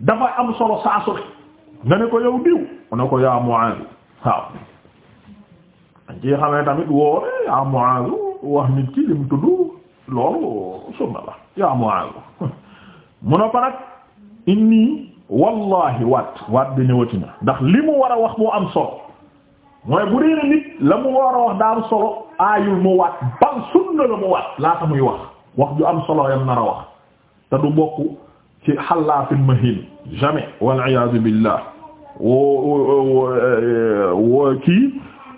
dafa am solo saa su nga ne ko yow diw mu ne ko yaa Mu'aaz waaw ci xamee tamit woo yaa Mu'aaz wax nit ki lim tudd loolu sunna la yaa Mu'aaz mu ne ko nag inni wallahi waat waat bi ñëwati na ndax li mu war a wax moo am solo mooy bu dee nit la mu war a wax daa am solo aayul mu waat ban sunna la mu waat laata muy wax wax ju am solo yam nar a wax te du bokk ci xallaafil mahin jamais wal iyaadu billah woo woo kii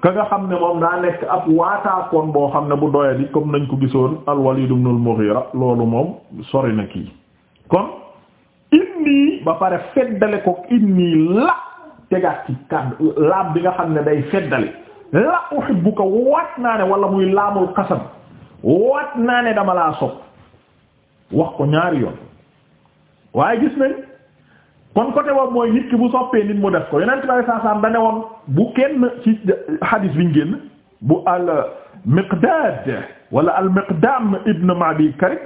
ka nga xam ne moom daa nekk ab waataakoon boo xam ne bu doyadi comme nañ ko gisoon al Walid ibn al Mughira loolu moom sori kii kon inni ba pare feddale ko inni la tegaat ci kàddu laam bi nga xam ne day feddale la uhibbuka waat naa ne wala muy laamul qasam waat naa ne dama laa sopp wax ko ñaari yoon waaye gis nañ kon côté boobu mooy nit ki bu soppee nit mu def ko yonent bi saa saam da ne woon bu kenn ci hadis bi ñu génn bu al miqdaad wala al miqdaam ibn Ma'di Karik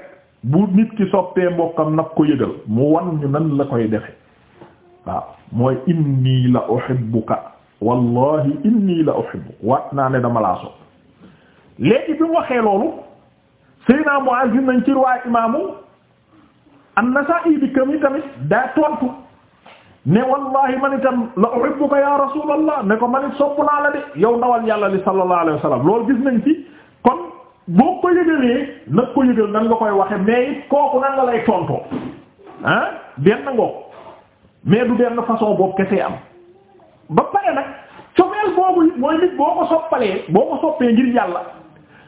bu nit ki soppee mbokkam nag ko yëgal mu wan ñu nan la koy defe waaw mooy inni la uhibbuka wallahi inni la uhibbu waat naa ne dama laa sopp léegi bi mu waxee loolu Seydina Muaz nañ ci riwaaya imaamu an-Nasaa'i bi kam tamit daa tontu ne wallahi man itam la uhibbuka ya rasulallah ne ko man it naa la de yow ndawal yàlla li sallallahu alayhi wa sallam gis nañ ci kon boo ko yëgalee nag ko yëgal nan nga koy waxe mais it kooku nan nga lay tontoo ah benn ngoog mais du benn façon boobu kese am ba pare nag cofeel boobu mooy nit boo ko soppalee boo ko soppee ngir yàlla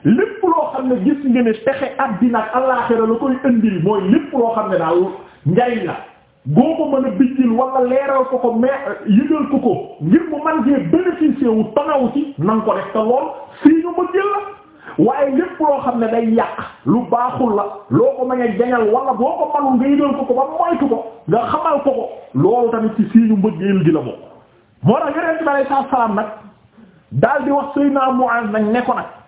lépp loo xam ne gis nga ne pexe àddina ak àllaaxira la koy indil mooy lépp loo xam ne daal njariñ la boo ko mën a bijjil wala leeral ko ko mais euh, yëgal ko ko ngir mu man cee bénéficier wu tanaw ci na nga ko def te lool fii ñu ma la waaye lépp loo xam ne day yàq lu baaxul la loo ko mën a jañal wala boo ko manul nga yëgal ko ko ba moytu ko nga xamal ko ko loolu tamit ci fii ñu mbëggeel gi la bokk moo tax yeneen bi alei salaam nag daal di wax Seydina Mu'adh nag ne ko nag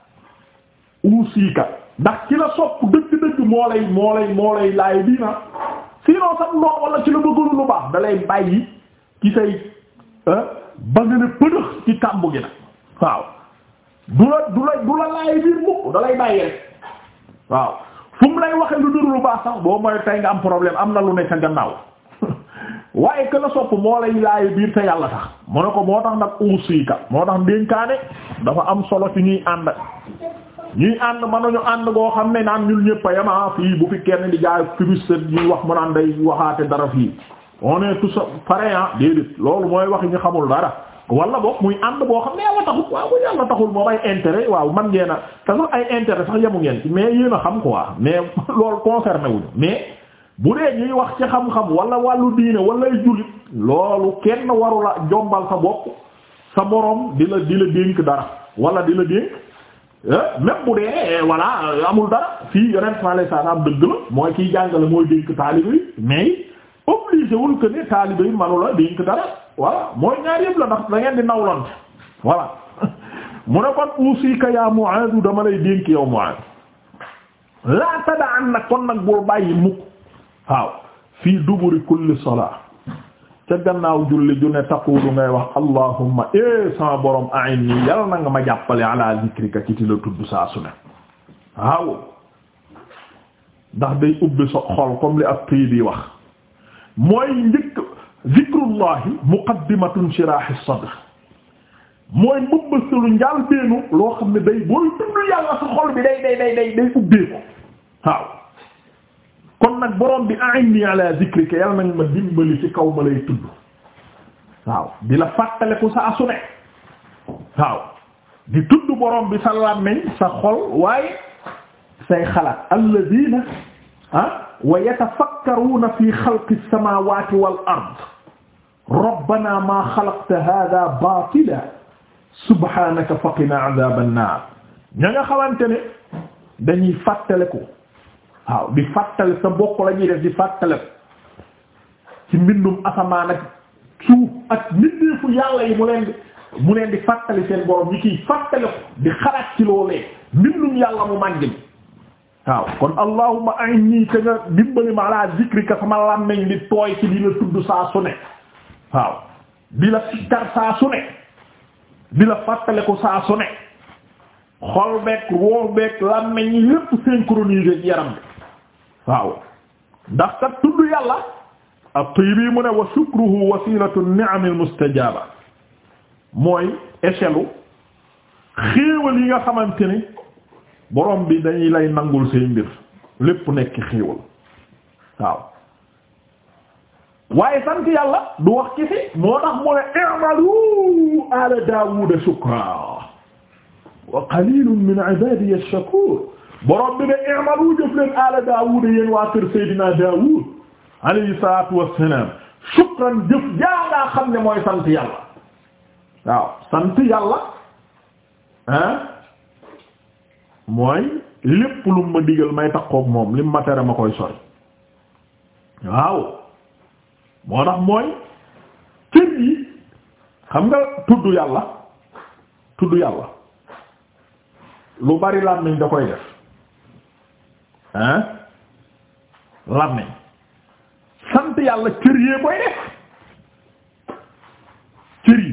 uusika ndax ci la sopp dëgg-dëgg moo lay moo lay moo lay laay bii na sinon sax noonu wala ci la lu baax dalay bàyyi ci say ba nga ne pëdëx ci kàmbu gi nag waaw du la du la du la laay biir mukk dalay bàyyi rek waaw fu mu lay waxee lu dul lu baax sax boo mooy tey nga am problème am na lu nekk gannaaw waaye que sopp moo lay laay biir te yàlla tax mu ne ko moo tax nag uusika moo tax ndénkaane dafa am solo ci ñuy ànd ñuy ànd mënuñu ànd goo xam ne naan ñun ñëpp a yem ah, fii bu fi kenn di jaay publicité ñuy wax mu naan day waxaate dara fii on est tous pareils ah, déedéet loolu mooy wax ñu xamul dara wala boog muy ànd boo xam ne yàlla taxul waaw bu yàlla taxul moom ay intere waaw man ngeen a te sax ay intérêt sax yemu ngeen mais yéen a xam quoi mais loolu concerné wuñu mais bu dee ñuy wax ci xam-xam wala wàllu diine wala ay jullit loolu kenn warula jombal sa bopp sa borom di la di la dara wala di la dénk. Euh, même bu dee euh, voilà euh, amul dara fii yonent ma lay saasam dëgg la mooy kiy jàngale mooy dénk taaliba yi mais obligé wul que ne dara voilà mooy ñaar yëpp la ndax ngeen di nawlante voilà mu ne kon uusika yaa Mu'aad dama lay dénk yow Mu'aad laa tada an nag kon nag bul bàyyi mukk waaw fii duburi ca gannaaw julli ju ne taqulu ngay wax allahumma e sama borom a'inni yàlla na nga ma jàppale ala zikrika ci ti la tudd saa su ne ndax day ubbi so xol comme li ak tëy bi wax mooy njëkk zikrullahi muqaddimatun shirah as-sadr mooy mbëbëstalu njaal beenu loo xam ne day booy tudd yàlla sa xol day day day day day kon nag borom bi a'inni ala zikrika yàlla nag ma dimbali ci kaw ma lay tudd waaw di la fàttaliku sa asu ne waaw di tudd borom bi sa làmmiñ sa xol waaye say xalaat alladina ah wa yatafakkaruna fi xalqi samawati wal ard rabbana ma xalaqta hada batila subhanaka faqina adhaban nar ña nga xamante ne dañuy fàttaliku waaw di fàttale sa bokk la def di fàttale ci mbindum asamaan ak suuf ak mbindeefu yàlla yi mu leen di mu leen di fàttali seen borom ñi kiy fàttale ko di xalaat ci loolee mbindum yàlla mu màgg waaw kon allahumma a'inni te nga dimbali ma ala zikrika sama làmmiñ di tooy ci di la tudd saa su waaw di la sikkar saa su ne di ko saa su ne xol beek woo lépp synchronisé ci yaram waaw ndax kat tudd yàlla at-Tayyibi mu ne wa shukruhu wasilatu an-ni'am al-mustajaba mooy échelle xéewal yi nga xamante ni borom bi dañuy lay nangul say mbir lépp nekk xéewal waaw waaye sant yàlla du wax kisi moo tax mu ne i'malu ala Daawuda shukra wa qalilun min ibadiya ash-shakur borom bi ne i'malu jëf leen ala Daawud yéen waa kër Seydina Daawud alayhi salaatu wassalaam shukran jëf jaa ngaa xam ne mooy sant yàlla waaw sant yàlla ah mooy lépp lu ma digal may takkook moom lim ma tere ma koy sori waaw moo tax mooy cër yi xam nga tudd yàlla tudd yàlla lu bari làmmiñ da koy def ah làmmiñ sant yàlla cër yee koy def cër yi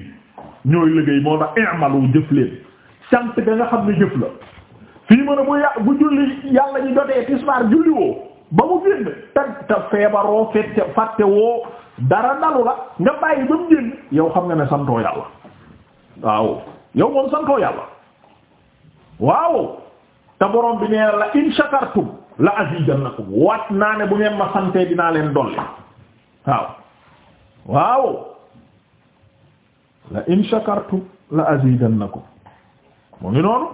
ñooy liggéey moo tax i'malu jëf leen sant ga nga xam ne jëf la fii mën a bu yà- bu julli yàlla ñu jotee tisbaar julli woo ba mu génn te te feebaroo fette fàtte dara dalu la nga bàyyi ba mu génn yow xam nga ne santoo yàlla waaw yow moom santoo yàlla waaw te borom bi nee na la in shakartum la azidannakum waat naa ne bu ngeen ma santee dinaa leen dolli waaw waaw la in shakartum la azidannakum mu ngi noonu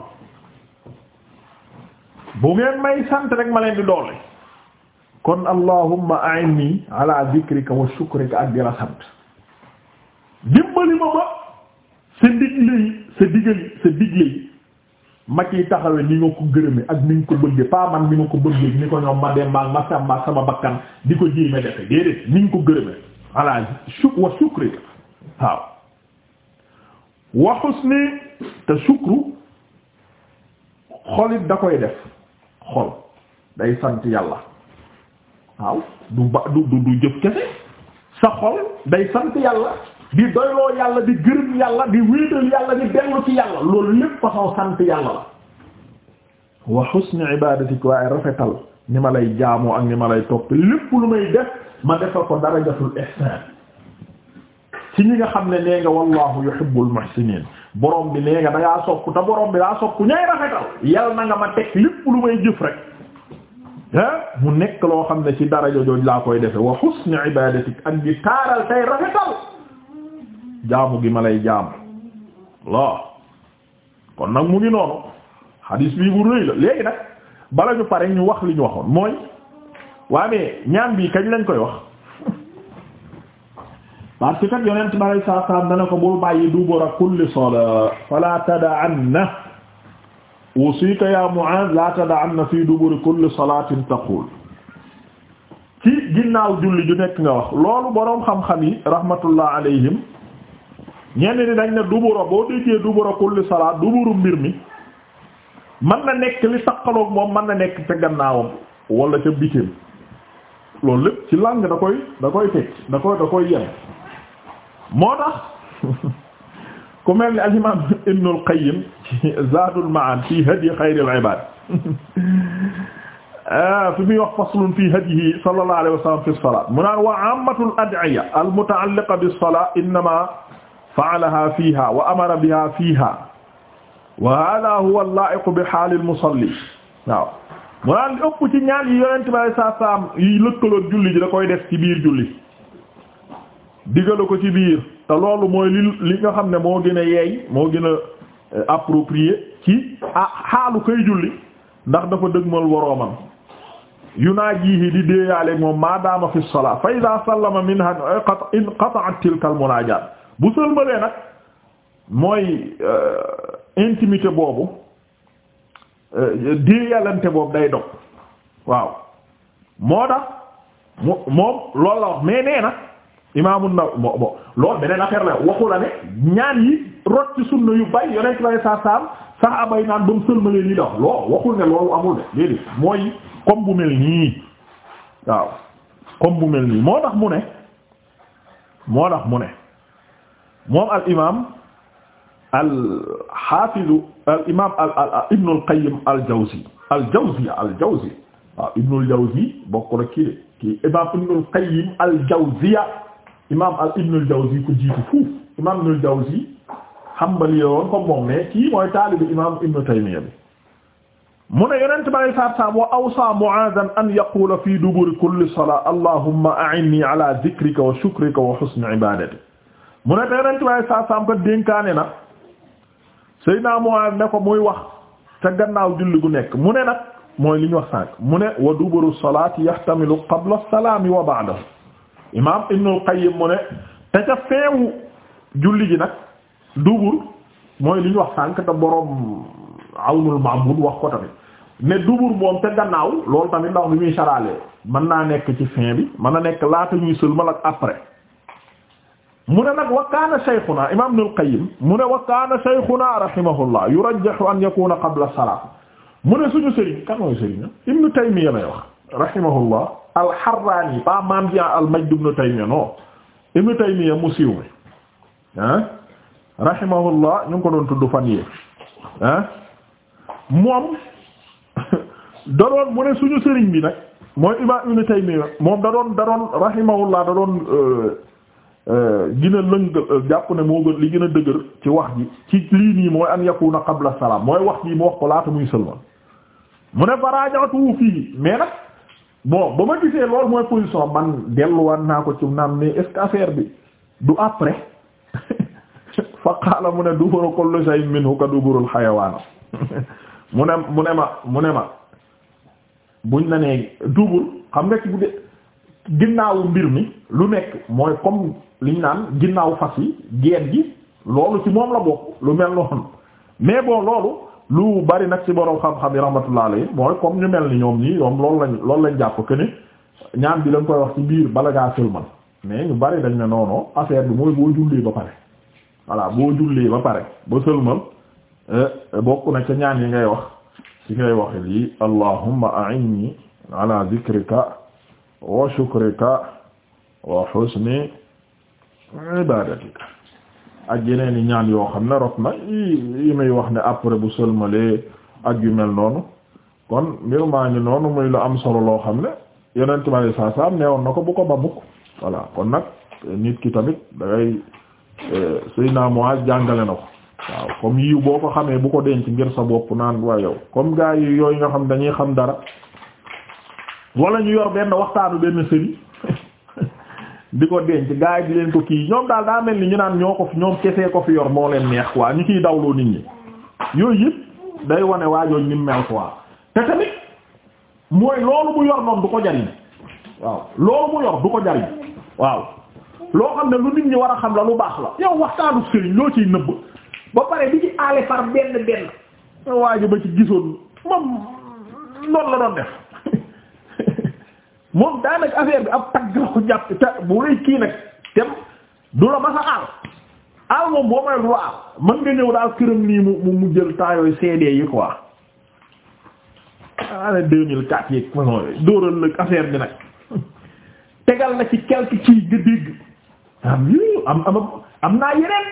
bu ngeen may sant rek ma leen di dolli kon allahumma a'inni ala dhikrika wa shukrika ak di la sant dimbali ma ba sa digle yi sa digal yi sa digle yi ma ciy taxawe ni nga ko gërëme ak ni nga ko bëgge pas man ni ko bëgge ni ko ñoom ma dem maag ma sàmm sama bakkan di ko jéeme defe déedéet ni nga ko gërëme voilà shuk wa shukri waaw da koy def xol day sant yàlla waaw du ba du du jëf kese sa xol day sant yàlla di doyloo yàlla di gërëm yàlla di wéetal yàlla di dellu ci yàlla loolu lépp façon sant yàlla la wa husni ibadatik waaye rafetal ni ma lay jaamoo ak ni ma lay topp lépp lu may def ma defal ko darajatul ihsan ci ñi nga xam ne nee nga wallahu yuhibbul muhsinin borom bi nee nga da ngaa sopp te borom bi daa sopp ñay rafetal yal na nga ma teg lépp lu may jëf rek ah mu nekk loo xam ne ci daraja jooj laa koy defe wa husni ibadatik ak di taaral tay rafetal jaamu gi ma lay jaamu loo kon nag mu ngi noonu xadiis bii bu rëy la léegi nag bala ñu pare ñu wax li ñu waxoon mooy waaye mais ñaan bii kañ lañ koy wax parce yonent bi alay saa salaam dana ko bul bàyyi dubura kulli salaa fala tada'anna usika ya Mu'aaz la tada'anna fi duburi kulli salaatin taqul ci ginnaaw julli ju nekk nga wax loolu boroom xam-xam yi rahmatullah alayhim ñenn ni dañ ne dubura boo déggee dubura kulli salaat duburu mbir mi mën na nekk li taqaloog moom mën na nekk ca wala ca bitim loolu lépp ci langue da koy da koy fekk da koy da ku mel ni al imam Ibn al Qayyim fi hadyi xayril ibaad ah, fi muy wax faslun fi hadyihi sallallahu alayhi wa sallam fi salaat mu naan wa al salaat innamaa fa'alaha fiha wa amara biha fiha wa hadha huwa al-la'iq bi hal al-musalli waaw mu naan li ëpp ci ñaan yi yonent bi saa saam yi lëkkaloon julli ji da koy def ci biir julli digala ko ci biir te loolu mooy li li nga xam ne moo gën a yeey moo gën a euh, approprié ci ah xaalu koy julli ndax dafa dëgmal woroomam yu naa jiihi di déeyaaleeg moom maadaama fi salaa fa ida sallama minha inqata'at tilka al munaajaat bu sëlmalee nag mooy euh, intimité boobu euh, di yàllante boobu day dog waaw moo tax mu moom loolu la wax mais nee na imaamu na bo bo loolu beneen affaire la waxu la ne ñaan yi rot ci sunna yu bay yonent lay saa saam sax abay naan ba mu sëlmalee lii la wax loolu waxul ne loolu amul de léegi mooy comme bu mel nii waaw comme bu mel nii moo tax mu ne moo tax mu ne moom al imaam al xaafidu al imaam al al Ibnul Qayyim al Jawzi al Jawzi al Jawzi waaw Ibnul Jawzi bokk na kii de kii imaam Ibnul Qayyim al Jawziya imaam al Ibnul Jawzi ku jiitu fuuf imaam Ibnul Jawzi Hanbali yoon comme moom ne kii mooy taalibu imaam Ibnu Taymiyya bi mu ne yonent ba lay saat saam wa awsa Mu'aadan an yaqula fi duburi kulli salaa allahumma a'inni ala dhikrika wa shukrika wa husni ibadatik mu ne tey ren tubaab saa ko dénkaane na Seydina Muaaz ne ko muy wax ca gannaaw julli gu nekk mu ne nag mooy li ñu wax sànq mu ne wa dubaru salaati yahtamilu qabla salaami wa ba'dahu imaam Ibnul Qayyim mu ne te ca feewu julli ji nag dubur mooy li ñu wax sànq te borom Awnul Ma'buud wax ko tamit ne dubur moom ca gannaaw loolu tamit ndax bi muy saraalee mën naa nekk ci fin bi mën na nekk laata ñuy sëlmal ak après. mu ne nag wa kaana imaam Ibnul Qayyim mu ne wa kaana shaykhuna rahimahullah an yakuna qabla salaat mu ne suñu sëriñ kan mooy sëriñ Ibnu Taymiyya lay wax rahimahullah al-Harraani ba maam al-Majd Ibnu Taymiyya non Ibnu Taymiyya mu siiw mi ah rahimahullah ko doon tudd fan yii ah moom da doon mu ne suñu sëriñ bi nag mooy imaam Ibnu Taymiyya moom da doon da gën a lëng jàpp ne moo gën li gën dëgër ci wax ji ci lii nii mooy an yakuna qabla salaam mooy wax ji mu wax ko laata muy sëlmal mu ne farajaatu fii mais nag bon ba ma gisee loolu mooy position man delluwaat naa ko ci naan mais est bi du après fa qaala mu ne duburu kullu shay'in minhu ka duburul xayawaana mu ne mu ne ma mu ne ma buñ la nee dubur xam nga ci bu dee ginnaawu mbir mi lu nekk mooy comme liñ naan ginnaaw fas yi geen gi loolu ci moom la bokk lu mel noonu mais bon loolu lu bari nag ci borom xam-xam yi rahmatullah alayhi mooy comme ñu mel ni ñoom ñii ñoom loolu lañ loolu lañ jàpp que ñaan bi lañ koy wax ci biir bala ngaa sëlmal mais ñu bari dañ ne noonu affaire bi mooy boo jullee ba pare voilà boo jullee ba pare ba sëlmal eh, bokk na ca ñaan yi ngay wax ci ngay wax lii allahumma a'inni ala zikrika wa shukrika wa husni ibadatika ak yeneen i ñaan yoo xam ne rot na yi muy wax ne après bu sëlmalee ak yu mel noonu kon mbir maa ngi noonu muy lu am solo loo xam ne yeneen tamit saa saa neewoon na ko bu ko ba mukk voilà kon nag eh, nit ki tamit da ngay suy naa moise jàngale na ko waaw comme yiw boo ko xamee bu ko denc ngir sa bopp naan waa yow comme gaa yi yooyu nga xam dañuy xam dara wala ñu yor benn waxtaanu benn sëriñ. di ko denc gars yi di leen ko kii ñoom daal daa mel ni ñu naan ñoo ko ñoom kesee ko fi yor moo leen neex quoi ñu ciy dawloo nit ñi yooyu yëpp day wane waajooñ ni mel quoi te tamit mooy loolu mu yor noonu du ko jariñ waaw loolu mu yor du ko jariñ waaw loo xam ne lu nit ñi war a xam la lu baax la yow waxtaanu sëriñ loo ciy nëbb ba pare bi ci aale par benn benn waajo ba ci gisoon moom noonu la doon def moom daanaka affaire bi ab tagg la ko jàpp te bu rëy kii nag te du la masa aal aal moom boo may du la aal mën nga ñëw daal këram nii mu mu jël temps yooyu CD yi quoi année ah 2004 yeeg non affaire bi nag tegal na ci quelque kii nga dégg am am am am naa yeneen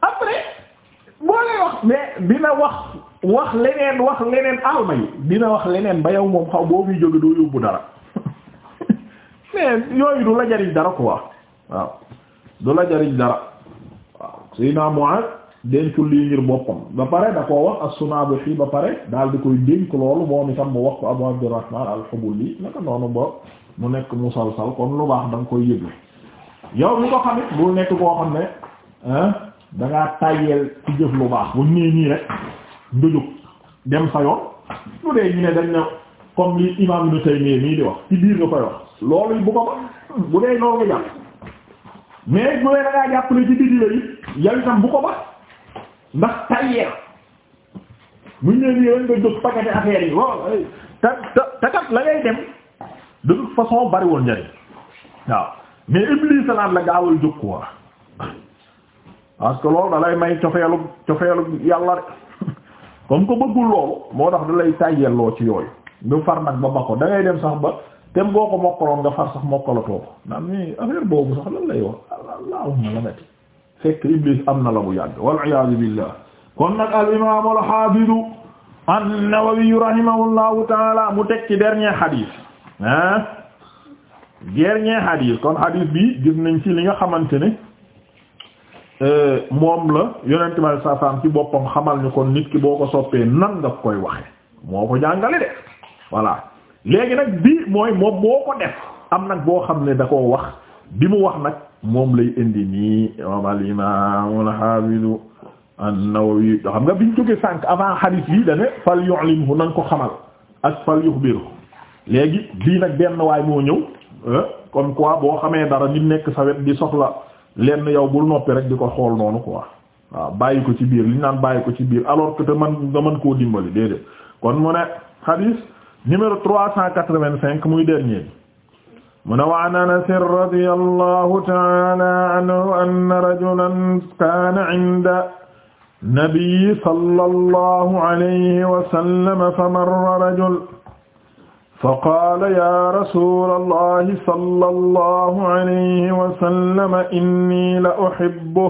après boo lay wax mais dina wax wax leneen wax leneen aal ma yi dina wax leneen ba yow moom xaw boo fiy jóge doo yóbbu dara. mais yooyu du la jariñ dara quoi waaw du la jariñ dara waaw Seydina Mu'aaz dencul lii ngir boppam ba pare da koo wax as-Sunaabi fii ba pare dal di koy dénk loolu moom itam mu wax ko Abu Abdurrahmaan al-Hubuli naka noonu ba mu nekk musalsal kon lu baax danga koy yëgle yow mi ko xamit bu nekk koo xam ne da ngaa ci jëf lu baax bu nee nii rek ndujug dem sa yoon lu dee ñu ne dañ ne comme li imaam Ibn Taymiyya mii di wax ci biir nga koy wax loolu bu ko bu dee loolu nga jàpp mais bu dee da ngaa jàppale ci digg la yi yow itam bu ko ba ndax tayeer muñ ne nii ren nga jóg paquet affaire yi loolu te te te la ngay dem de façon bariwul njariñ waaw mais Iblis naan la gaawal jóg quoi parce que loolu da lay may cofeelu cofeelu yàlla de comme ko bëggul loolu moo tax da lay tayelloo ci yooyu nga far nag ba ba ko da dem sax ba. tem boo ko mokkaloon nga far sax mokkalatoo ko naan mais affaire boobu sax lan lay wax allahumma la mati fekk Iblis am na la bu yàgg waliyasu billah kon nag al imam al hafiz an-Nawawi rahimahullahu taala mu teg ci dernier hadith ah dernier hadith kon hadith bi gis nañ ci li nga xamante ni euh, moom la yonente ma saa saam ci boppam xamal ñu kon nit ki boo ko soppee nan nga koy waxe moo ko jàngale de voilà léegi nag bii mooy moom moo ko def am nag boo xam ne da koo wax bi mu wax nag moom lay indi nii moom al imaam al haafidu an-Nawawi xam nga biñ jógee sànq avant hadith yi dane fal yu'limhu na nga ko xamal ak fal yukhbiru léegi lii nag benn waay moo ñëw comme quoi boo xamee dara nit nekk sa wet di soxla lenn yow bul noppi rek di ko xool noonu quoi waaw bàyyi ko ci biir li ñu naan bàyyi ko ci biir alors que te man nga mën koo dimbali déedéet kon mu ne hadith numéro 385 muy dernier mu ne wa an Anas radiyallahu ta'ala anhu anna rajulan kaana 'inda nabiyyi sallallahu alayhi wa sallam famarra rajul faqaala yaa rasuulallahi sallallahu alayhi wa sallam inni la uhibbu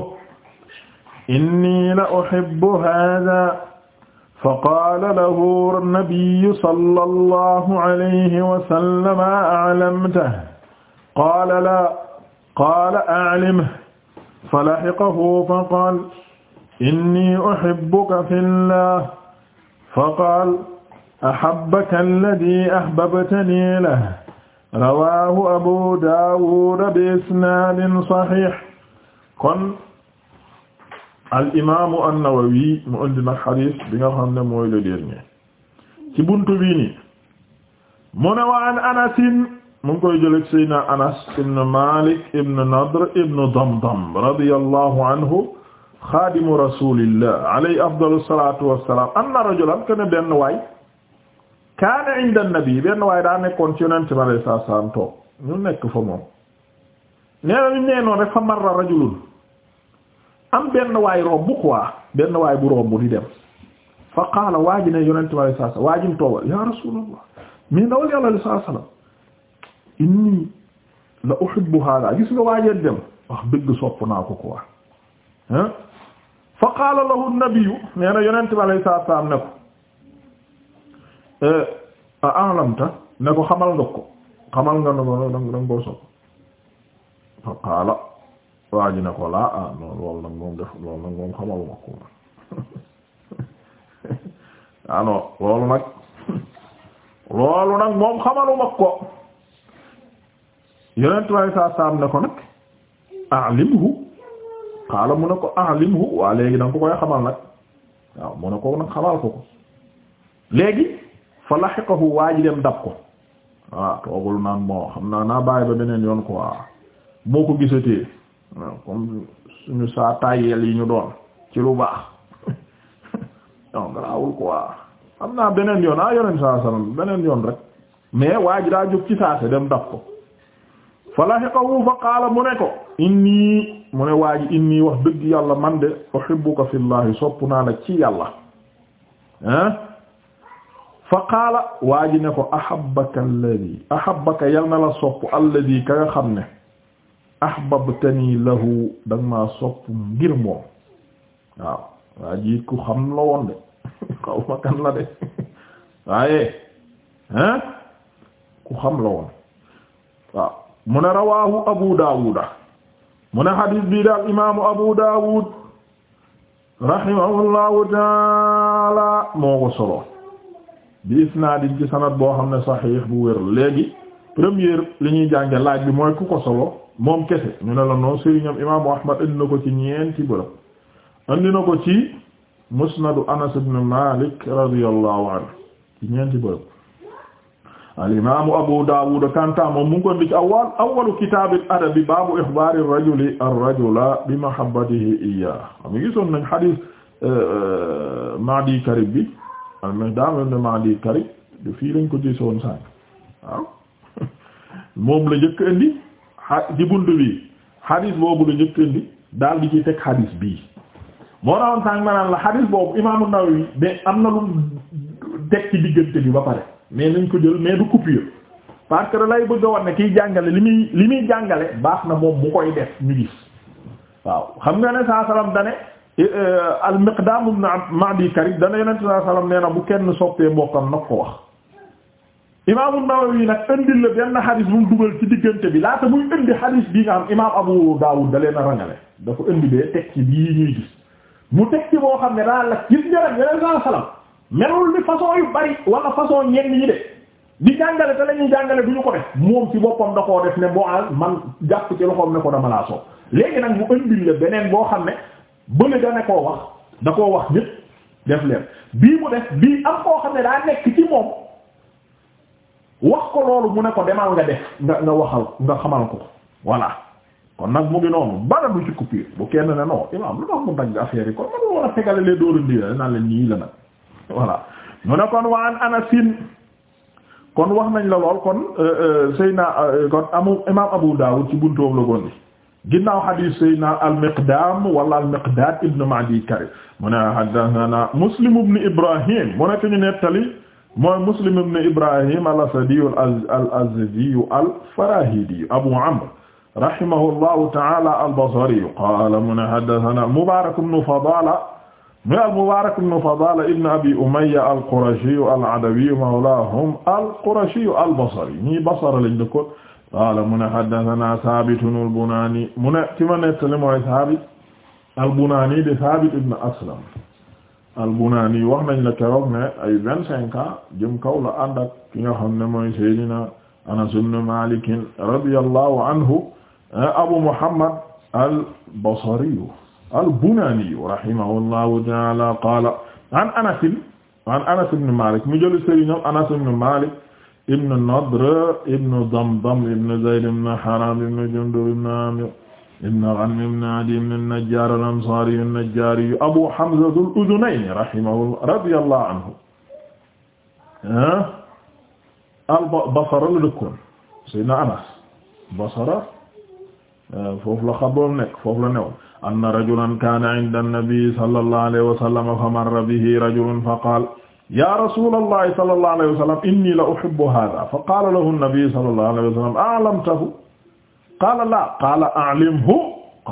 inni la uhibbu haadha fa qaala lahu nabiyu sallallahu alayhi wa sallam a aclamtahu qaala laa qaala aclimhu falaxiqahu fa qaal inni uhibbuka fillah fa qaal ahabbaka alladii ahbabtanii lahu rawaahu abu daawuud bi isnaadin saxiix kon al imaamu an mu indi nag xadiis bi nga mooy le dernier ci buntu bii nii mu ne wa an anasin mu ngi koy jëleg saydna anas ibn malik ibn nadr ibn damdam radiyallahu anhu xaadimu rasulillah alayhi afdalu salatu wassalam anna rajulan benn waay kaana inda an-nabi benn waay daa nekkoon ci yonente bi alayhi salaatu wa salaam toog moom nee na ñu nee noon rek fa am benn waay romb quoi benn waay bu romb di dem fa qaala waa ji ne yonent bi alayhi waa ji mu toogal ya rasulullah mais dawal yàlla alayhi salaam inni la uhibbu hada gis nga waajee dem wax dëgg sopp naa ko quoi ah fa qaala lahu an nee na yonent bi alayhi ne ko eh, a a'lamta ne ko xamal nga ko xamal nga ne ko danga koo sopp fa qaala waa ji ne ko laa ah non loolu nag moom def loolu nag ko loolu nag loolu nag moom ko yeneen tubaab saa saam ne ko nag a'limhu xaala mu ne ko a'limhu waa léegi da ko koy xamal nag waaw mu ne ko nag xamal ko ko léegi fa lahiqahu waa ji dem dab ko waaw toogul naan moo xam naa naa bàyyi ba beneen yoon quoi moo ko gisatee. waaw comme suñu saa tayel yi ñu doon ci lu baax donc garaawul quoi am naa beneen yoon ah yoneen saa sallam beneen yoon rek mais waa ji daa ci saase dem daf ko fa lahiqahu fa qaala mu ne ko innii mu ne waa ji innii wax dëgg yàlla man de uhibbuka fillahi sopp naa la ci yàlla ah fa qaala waa ji ne ko ahabbaka alladi ahabbaka yal na la sopp alladi ka nga xam ne ahbabtani lahu danga maa sopp ngir moom waaw waa jiit ku xam la woon de xaw ma kan la de waaye hein ku xam la woon waaw mu ne rawaahu abu daawuda mu ne xadiis bi daal imaamu abu daawud rahimahullahu taala moo ko solo bi isnaadin ci sanad boo xam ne saxiix bu wér léegi première li ñuy jànge laaj bi mooy ku ko solo moom kese ñu ne la noonu sëriñam imaamu ahmad indi na ko ci ñeenti bërëb indi na ko ci musnadu anas ibn malik radiyallahu anhu ci ñeenti bërëb al imaamu abu daawud kanta moom mu ngi ko ndi ci awal awalu kitaabil adabi baabu ixbaari rajuli ar-rajula bi mahabbatihi iyaa xam gisoon nañ xadiis euh, euh, maadi karib bi al-miqdaam ibn maadi karib du fii lañ ko gisoon sànk waaw moom la jëkk indi ci bunt bi xadis boobu la njëkkandi daal di ci teg xadis bii moo nawoon tànk manaan la xadis boobu imaamu Nawawi mais am na lu teg ci diggante bi ba pare mais nañ ko jël mais du coupure parce que da lay bëgg war ne kiy jàngale li muy li muy jàngale baax na moom mu koy def ñu gis waaw xam nga ne saa salaam dane eh, eh, al Miqdaam ibn Ma'di Karib dana yonent saa salaam nee na bu kenn soppee mbokkam nag ko wax imaamu Nawawi nag indil la benn xadis bu mu dugal ci diggante bi laata muy indi xadis bii nga xam imaam Abu Dawud da leen a rangale dafa indi bee teg ci bii ñuy gis mu teg ci boo xam ne daa la gis nga rek yeneen saa salaam melul ni façon yu bari wala façon ñenn yi de di jàngale te la ñuy jàngale duñu ko def moom ci boppam da koo def ne boo al man jàpp ci loxoom ne ko dama laa soob léegi nag mu indil la beneen boo xam ne bële da ne koo wax da koo wax nit def leen mu def bii am koo xam ne daa nekk ci moom. wax ko loolu mu ne ko demal nga def nga nga waxal nga xamal ko voilà kon nag mu ngi noonu bara du ci coupure bu kenn ne non imam lu tax mu dagg affaire yi kon man war a tegale les dóoru ndi naan la ñii mu ne kon waan anasin kon wax nañ la lool kon euh, euh, Seyna euh, kon amu imam Abu Dawud ci buntoom la gondi ginnaaw hadith Seyna al-Miqdam wala al-Miqdad ibn Ma'di Kari mu ne haddathana Muslim ibn Ibrahim mu ne fi ñu nettali mooy Muslim ibn Ibrahim al-Asadi al-Azdi al-Farahidi Abu Amr rahimahullahu ta'ala al-Basri qala mu ne haddathana Mubarak ibn Fadala mu al-Mubarak ibn Fadala ibn Abi Umayya al-Qurashi al-Adawi mawlahum al-Qurashi al-Basri ñi Basra lañ dëkkoon qala mu ne haddathana Thabit al-Bunani mu ne ki ma nettali mooy Thabit al-Bunani de Thabit ibn Aslam al-Bunaani wax nañ la keroog ne ay vingt cinq ans jëm kaw la ànd ak ki nga xam ne mooy Seydina Anas ibn Maalik radiyallahu anhu Abu Muhammad al-Basri al-Bunaani rahimahullahu ta'ala qaala an Anas an Anas ibn Maalik mu jël Seydina Anas ibn Maalik ibn Nadr ibn Damdam ibn Zayd ibn Haram ibn Jundub ibn Amir ibn Ghanm ibn Adiy ibn an-Najjar al-Ansari an-Najjari Abu Hamza al-Udhunayni rahimahu radiyallahu anhu al-Basra la dëkkoon Seydina Anas Basra euh, foofu la xaboon nekk foofu la newoon anna rajulan kaana inda an-nabi sallallahu alayhi wa sallam fa marra bihi rajulun fa qaala ya rasulallahi sallallahu alayhi wa sallam inni la uhibbu haadha fa qaala lahu an-nabi sallallahu alayhi wa sallam a'lamtahu qaala laa qaala a'limhu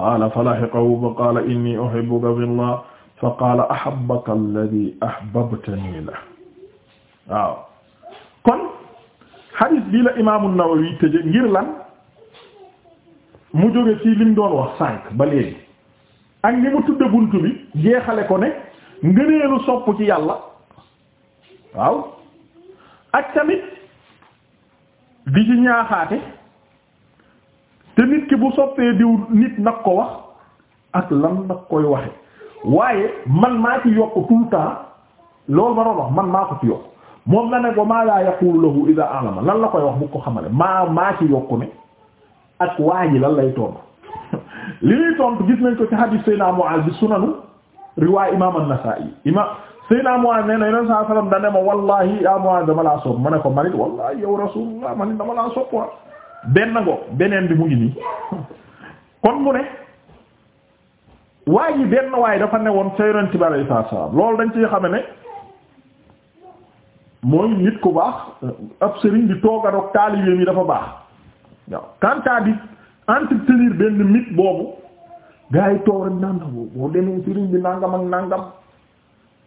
qaala falahiqahu fa qaala inni uhibbuka fillah fa qaala ahabbaka alladhi ahbabtani lahu waaw kon hadith bii la imaamu Nawawi tëje ngir lan mu jóge ci lim doon wax sànq ba léegi ak ni mu tudde buntu bi jeexale ko ne ngëneelu sopp ci yàlla waaw ak tamit di ci ñaaxaate te nit ki bu soppee diw nit nag ko wax ak lan nag koy waxe waaye man maa ci yokk tout le temps loolu ma doon wax man maa ko ci yokk moom la ne ko maa laa yaqulu lahu idha alama lan la koy wax bu ko xamale maa maa ci yokk ne ak waa lan lay tontu li ñuy tontu gis nañ ko ci hadith Seydina Mu'adh bi sunanu riwaay imam a nasai imam Seydina Mu'adh nee na yoneen saa sallam dane ma wallahi ya Mu'adh dama laa sopp ma ne ko manit wallahi yow rasulullah benn ngoog beneen bi mu ngi nii kon mu ne waay yi benn waay dafa newoon ca yonent bi alayhi salaatu salaam loolu dañ ciy xame ne mooy nit ku baax ab sëriñ di toog ak taalibeem yi dafa baax waaw kantaa di entretenir benn mythe boobu gaa toog rek naan boo boo demee sëriñ bi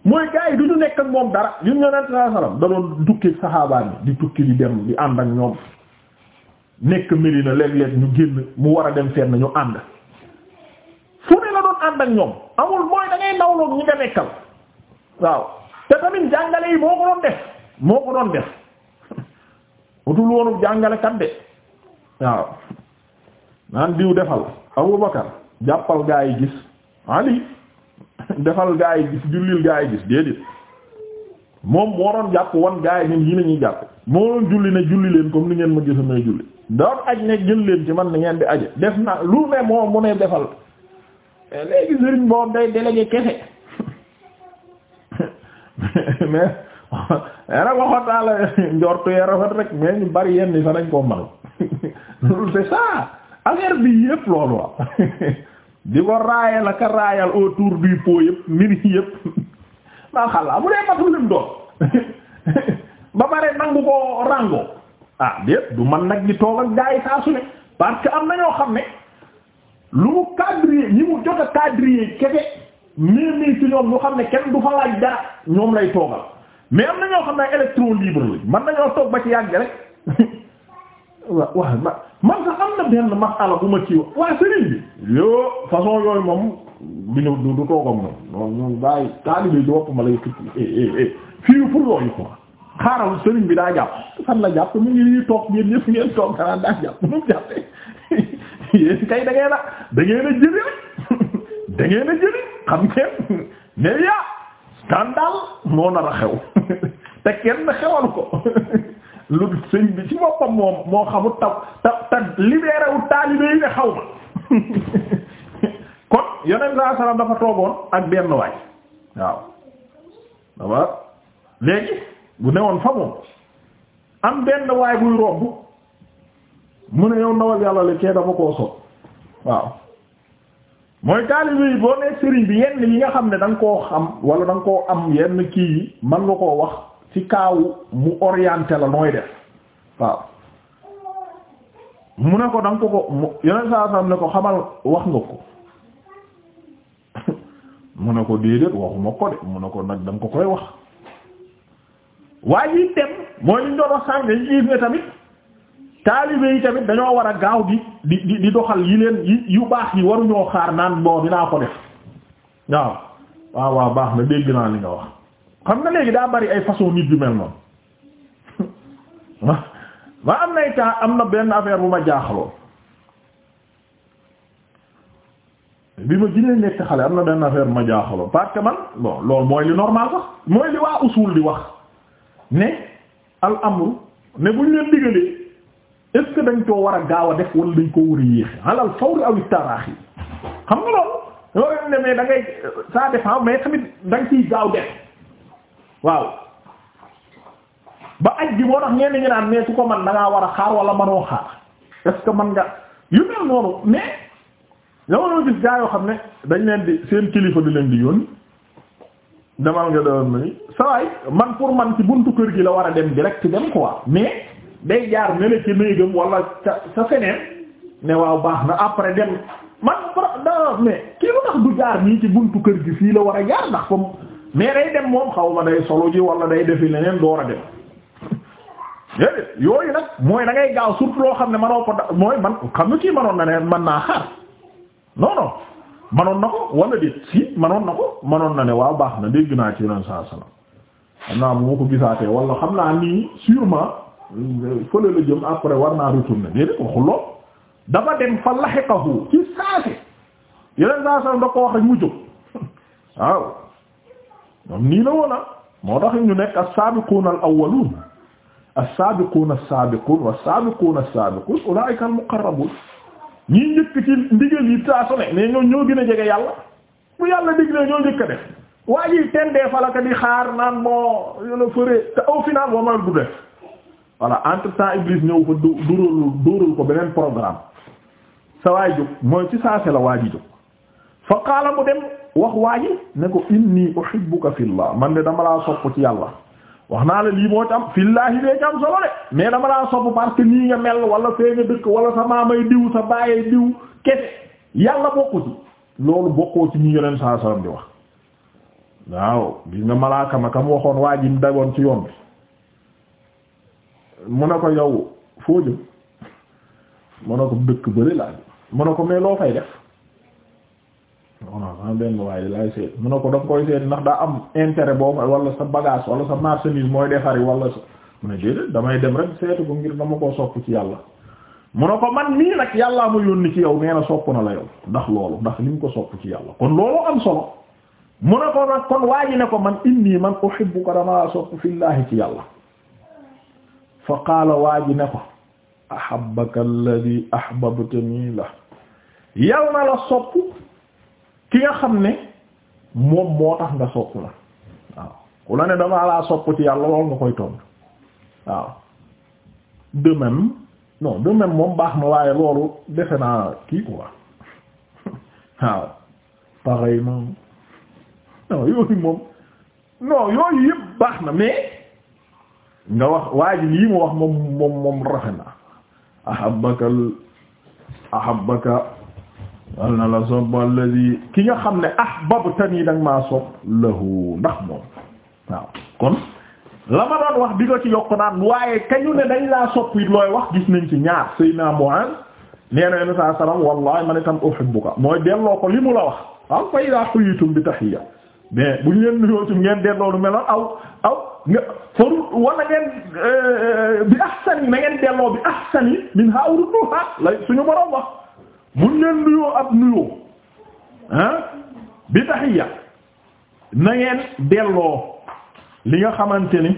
mooy gaa du ñu nekk ak moom dara yu yonent da doon tukki saxaabaan yi di tukki di dem di ànd ak ñoom nekk na léeg-léeg ñu génn mu war a dem fenn ñu ànd fu ne la doon ànd ak ñoom amul mooy da ngay nawloog ñi nga nekkal waaw te tamit jàngale yi moo ko doon def moo ko doon def utul woonu jàngale de waaw naan diw defal Abu Bakar jàppal gaa yi gis Ali defal gaa yi gis jullil gaa yi gis déedéet moom moo doon jàpp wan gaa yi ñun yi nañuy jàpp moo doon julli ne julli leen comme ni ngeen ma gisa may julli doon aj ne jël leen ci man ni ngeen di aje def na lu ne moo mu ne defal eh, léegi sëriñ boobu day délégué kese mais era waxoon naa la njortu yee rafet rek mais ñu bari yenn sax dañ koo man c'est ça affaire bi yëpp loolu waaw di ko raayal aka raayal autour du pot yëpp mbir yëpp maa xàllaa bu dee matul lim doon ba pare nangu ko rango ah déet du man nag di toog ak gaa yi saa ne parce que am na ñoo xam ne lu mu cadre ñi mu jot a cadre kese mii mii ci ñoom ñu xam ne kenn du fa laaj dara ñoom lay toogal mais am na ñoo xam ne ay électron libre lañ man nañoo toog ba ci yàgg rek waa waaw man sax am na benn masala bu ma ci wax waa bi yoo façon yooyu moom du ñëw du du toogam moom noonu ñoom bàyyi taalibe di wopp ma lay eh, eh, eh, fii pour yooyu quoi xaaral sëriñ bi daa jàpp fan la jàpp mu ngi nii toog ngeen ñëpp ngeen toog xanaa daa jàpp mu jàppee yéen kay da ngeen a da ngeen a jëli da ngeen a jëli xam ngeen ne yaa scandale moo nar a xew te kenn xewal ko lu sëriñ bi ci boppam moom moo xamul ta ta ta libéré wu taalibe yi ne ma. kon yeneen saa salaam dafa toogoon ak benn waay waaw dafa léegi bu newoon fa moom am benn waay buy romb mu ne yow ndawal yàlla li kee dafa koo sot waaw mooy taalibe yi boo nee sëriñ bi yenn yi nga xam ne da koo xam wala da koo am yenn kii yi mën nga koo wax ci kaawu mu orienté la nooy def waaw mu ne ko da nga ko ko yeneen saa salaam ne ko xamal wax nga ko mu ne ko déedéet waxuma ko de mu ne ko nag dama ko koy wax waaye itam mooy li ñu wax sànq dañu gis ne tamit taalibe yi tamit dañoo war a gaaw di di di doxal yi leen yu baax yi waruñoo xaar naan boo dinaa ko def waaw waaw waaw baax na dégg naa li nga wax xam nga léegi daa bari ay façon nit yu mel noonu ma am nay taa am na benn affaire bu ma jaaxaloon. bi ma ginee nekk xale am na benn affaire ma jaaxaloon parce que man bon loolu mooy li normal sax mooy li waa usul di wax ne al amru ne bu ñu leen digalee est-ce dañ koo war a gaaw a def wala dañ koo war a yéexe alal fawri aw taraax yi xam nga loolu loolu ne mais da ngay tamit da nga gaaw def waaw ba aj bi moo tax ñenn ñi naan mais su ko man da war a xaar wala mënoo xaar est-ce mën nga yu mel noonu mais. dama doon gis gaa yoo xam ne dañ leen di seen kilifa di leen di yónni demal nga doon ma ni sawaay man pour man ci buntu kër gi la war a dem direct dem quoi mais day jaar mele ci ne waaw baax na après dem man da mais kii lu tax jaar nii ci buntu kër gi fii la war ndax comme mais day dem moom xaw ma day solo ji wala day defi leneen door a dem yooyu nag mooy da gaaw surtout loo xam ne manoo ko da mooy man xam nga ci manoon na ne man naa xaar non manoon na ko wala déet si manoon na ko manoon na ne waa baax na dégg naa ci yeneen saa salaam xam naa bu ko gisaatee wala xam naa nii sûrement euh, fële la jëm après war naa retourner déedéet waxul lool dafa dem fa laxiqahu ci saasi yeneen saa salaam da ko wax rek mu jóg waaw ñoom nii la woona ah. moo tax ñu nekk as-sabiquna al-awwalun as-sabiquna as-sabiqun was-sabiquna as ñii njëkk ci ndigal yi saa su ne mais ñoo ñoo gën a jege yàlla bu yàlla diglee ñoo njëkk a def waa ji tendee falaka di xaar naan moo la fëree te au final ba mal du def voilà entre temps Iblis ñëw fa dóoral dóoral ko beneen programme sa waay jóg mooy ci saase la waa ji jóg fa qaala dem wax waa ji ne ko inni uhibbuka fillah man de dama laa sopp ci yàlla wax naa la lii moo ci am fillaahi bee ci solo de mais dama laa sopp parce que nii nga mel wala fee nga dëkk wala sa maamay diw sa baayay diw kese yàlla bokku loolu bokkoo ci ñu yoneen saa salaam di waaw gis nga malaaka ma kam waxoon waa ji dagoon ci yoon mun mu ko yow foo jëm mu ne ko dëkk bëri laa mu ne ko mais loo fay def waaw benn waaye laay seet mu ne ko da nga koy seet ndax daa am intérêt boobu wala sa bagage wala sa marchandise mooy defari wala sa mu ne déedéet damay dem rek seetu ko ngir dama koo sopp ci yàlla mu ne ko man nii nag yàllaa ma yónni ci yow nee na sopp na la yow ndax loolu ndax li ko sopp ci yàlla kon loolu am solo mu ne ko nag kon waa ji ne ko man inni man uhibbuka damaa sopp fillaahi ci yàlla fa qaala waa ji ne ko ahabbaka alladhi ahbabtani la yàlla la sopp ki nga xam ne moom moo tax nga sopp la waaw ku la ne damaa laa sopp ci yàlla lool nga koy tontu waaw de même non moom baax na waaye loolu defe naa kii quoi waaw pareillement non yooyu moom non yooyu yëpp baax na mais nga wax waa ji mu wax moom moom moom rafet na ahabbaka wal na la sopp alladi ki nga xam ne ahbabtani danga maa sopp lahu ndax moom waaw kon la doon wax di ko ci yokk naan waaye kañu ne dañ laa sopp it looy wax gis nañ ci ñaar Seydina Mu'aaz nee na Yonent saa salaam wallaahi man itam uhibbuka mooy delloo ko li mu la wax waaw fa idaa huyyitum bi tahiyya mais bu ñu leen nuyoo ngeen delloo lu meloon aw aw nga faru ngeen euh, bi ahsani ngeen delloo bi ahsani minhaa aw rudduhaa lay suñu boroom wax. buñ leen nuyoo ab nuyoo ah bi taxiya na ngeen delloo li nga xamante ni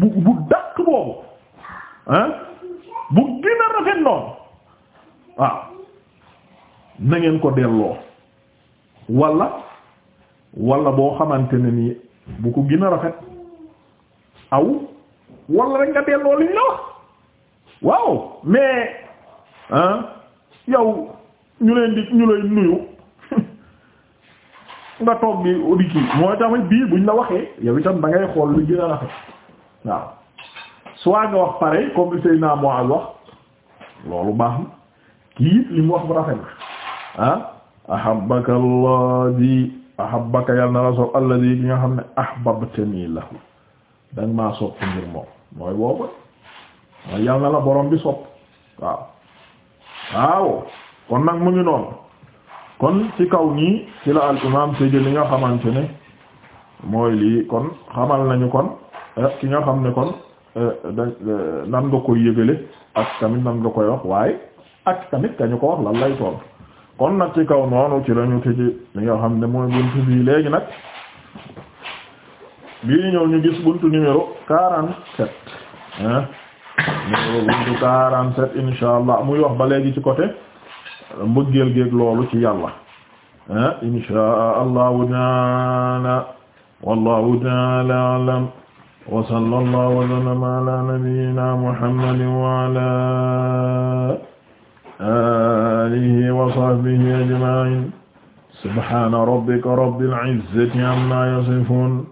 bu bu dàq boobu ah, bu gën a rafet noonu waaw na ko delloo wala wala boo xamante ne nii bu ko gën a rafet aw wala rek nga delloo liñ la wax waaw mais ah, yow ñu leen di ñu lay nuyu nga toog bi mooy tamit bii buñ la waxee yow itam da ngay xool lu gën a rafet waaw soit nga wax pare comme li Seydina Mu'aaz wax loolu baax na kii li wax bu rafet na ah ahabbaka allazi ahabbaka yàlla la nga xam ne ahbabtani lahu danga maa sopp ngir moom mooy boobu mooy yàlla na la borom bi sopp aw kon nag mu ngi noonu kon ci kaw nii ci la al imam tëjë li nga xamante ne mooy lii kon xamal nañu kon eh, ki nga xam ne kon eh, eh, nan nga koy yëgale ak tamit nan nga koy wax waaye ak tamit kañu ko wax lan lay toll kon nag ci kaw noonu ci lañu tëjë li nga xam ne mooy buntu bii léegi nag bii ñëw ñu gis buntu numéro quarante-sept numéro buntu quarante-sept insha allah muy wax ba léegi ci côté mbëggeel géeg loolu ci yàlla ah insha allahu taala wallahu taala alam wa sallallahu wa sallama ala nabiyyina muhammadin wa ala alihi wa sahbihi ajma'in subhana rabbika rabbil izzati amma yasifun